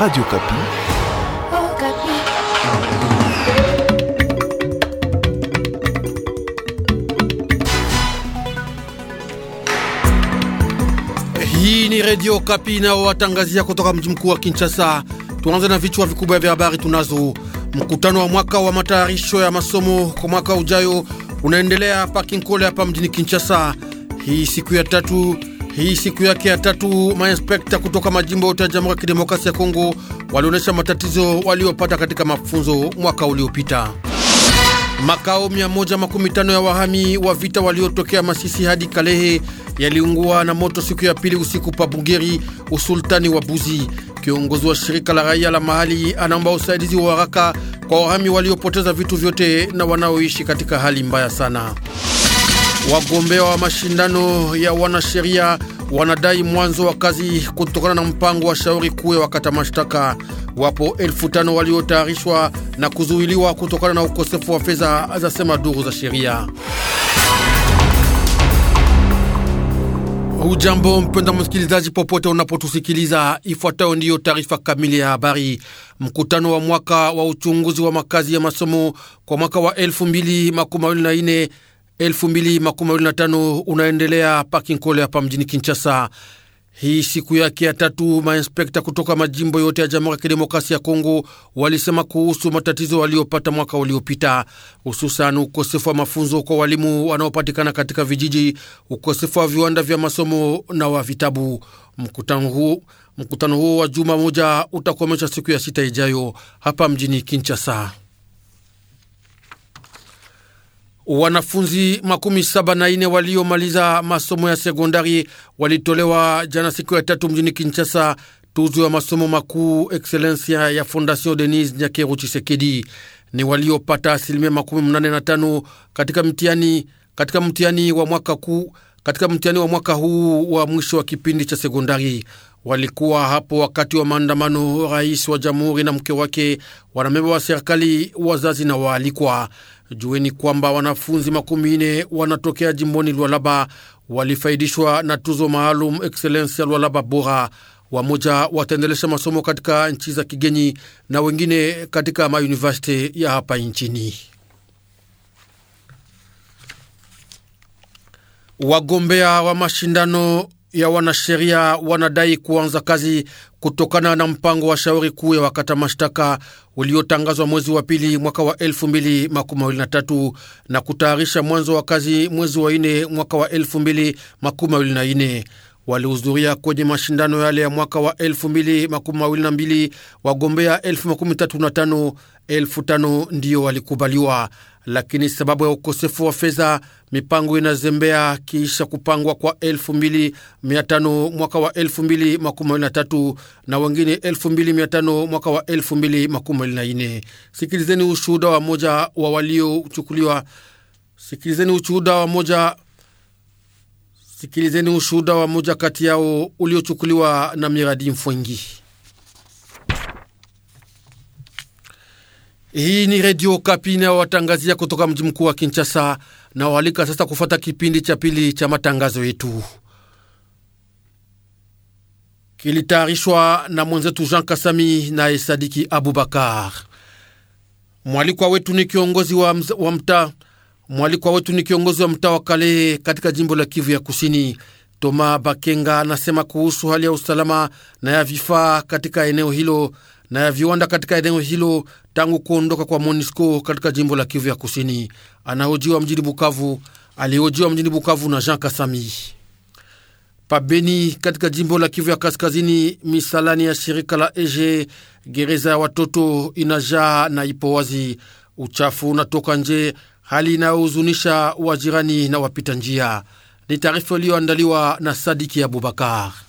Radio Kapi. Oh, Kapi. Hii ni Radio Kapi nao watangazia kutoka mji mkuu wa Kinshasa. Tuanze na vichwa vikubwa vya habari tunazo. Mkutano wa mwaka wa matayarisho ya masomo kwa mwaka ujayo unaendelea hapa Kinkole hapa mjini Kinshasa. Hii siku ya tatu hii siku yake ya tatu, mainspekta kutoka majimbo yote ya Jamhuri ya Kidemokrasia ya Kongo walionyesha matatizo waliopata katika mafunzo mwaka uliopita. Makao 115 ya wahami wa vita waliotokea Masisi hadi Kalehe yaliungua na moto siku ya pili usiku pa Bugeri, usultani wa Buzi. Kiongozi wa shirika la raia la mahali anaomba usaidizi wa haraka kwa wahami waliopoteza vitu vyote na wanaoishi katika hali mbaya sana. Wagombea wa mashindano ya wanasheria wanadai mwanzo wa kazi kutokana na mpango wa shauri kuu ya wakata mashtaka. Wapo elfu tano waliotayarishwa na kuzuiliwa kutokana na ukosefu wa fedha, zasema duru za sheria. Ujambo mpenda msikilizaji, popote unapotusikiliza, ifuatayo ndiyo taarifa kamili ya habari. Mkutano wa mwaka wa uchunguzi wa makazi ya masomo kwa mwaka wa elfu mbili makumi mawili na nne 2025 unaendelea Pakinkole hapa mjini Kinshasa. Hii siku yake ya tatu, mainspekta kutoka majimbo yote ya Jamhuri ya Kidemokrasia ya Kongo walisema kuhusu matatizo waliopata mwaka uliopita, hususan ukosefu wa mafunzo kwa walimu wanaopatikana katika vijiji, ukosefu wa viwanda vya masomo na wa vitabu. Mkutano huo mkutano huo wa juma moja utakomesha siku ya sita ijayo hapa mjini Kinshasa. Wanafunzi makumi saba na ine waliomaliza masomo ya sekondari walitolewa jana siku ya tatu mjini Kinshasa tuzo ya masomo makuu excellencia ya Fondation Denise Nyakeru Chisekedi. Ni waliopata asilimia makumi mnane na tano katika mtihani katika mtihani wa mwaka kuu katika mtihani wa mwaka huu wa mwisho wa kipindi cha sekondari walikuwa hapo wakati wa maandamano. Rais wa jamhuri na mke wake, wanamemba wa serikali, wazazi na waalikwa. Jueni kwamba wanafunzi makumi nne wanatokea jimboni Lualaba walifaidishwa na tuzo maalum Excellence ya Lualaba bora. Wamoja wataendelesha masomo katika nchi za kigenyi na wengine katika mayunivesiti ya hapa nchini. Wagombea wa mashindano ya wanasheria wanadai kuanza kazi kutokana na mpango wa shauri kuu ya wakata mashtaka uliotangazwa mwezi wa pili mwaka wa 2023 na kutayarisha mwanzo wa kazi mwezi wa ine mwaka wa 2024. Walihudhuria kwenye mashindano yale ya mwaka wa 2022 wagombea 1035 elfu tano ndiyo walikubaliwa lakini sababu ya ukosefu wa fedha mipango inazembea kiisha kupangwa kwa 2500 mwaka wa 2023 na wengine 2500 mwaka wa 2024. Sikilizeni ushuhuda wa moja wa waliochukuliwa. Sikilizeni ushuhuda wa moja sikilizeni ushuhuda wa moja kati yao uliochukuliwa na miradi mfwengi Hii ni Redio Kapi inayowatangazia kutoka mji mkuu wa Kinshasa na waalika sasa kufuata kipindi cha pili cha matangazo yetu, kilitayarishwa na mwenzetu Jean Kasami naye Sadiki Abubakar. Mwalikwa wetu ni kiongozi wa, wa mtaa mwalikwa wetu ni kiongozi wa mtaa wa Kale katika jimbo la Kivu ya Kusini. Toma Bakenga anasema kuhusu hali ya usalama na ya vifaa katika eneo hilo na ya viwanda katika eneo hilo tangu kuondoka kwa MONUSCO katika jimbo la Kivu ya Kusini. Anahojiwa mjini Bukavu, alihojiwa mjini Bukavu na Jean Kasami. Pabeni katika jimbo la Kivu ya Kaskazini, misalani ya shirika la Ege gereza ya watoto inajaa na ipo wazi, uchafu unatoka nje, hali inayohuzunisha wajirani na wapita njia. Ni taarifa iliyoandaliwa na Sadiki Abubakar.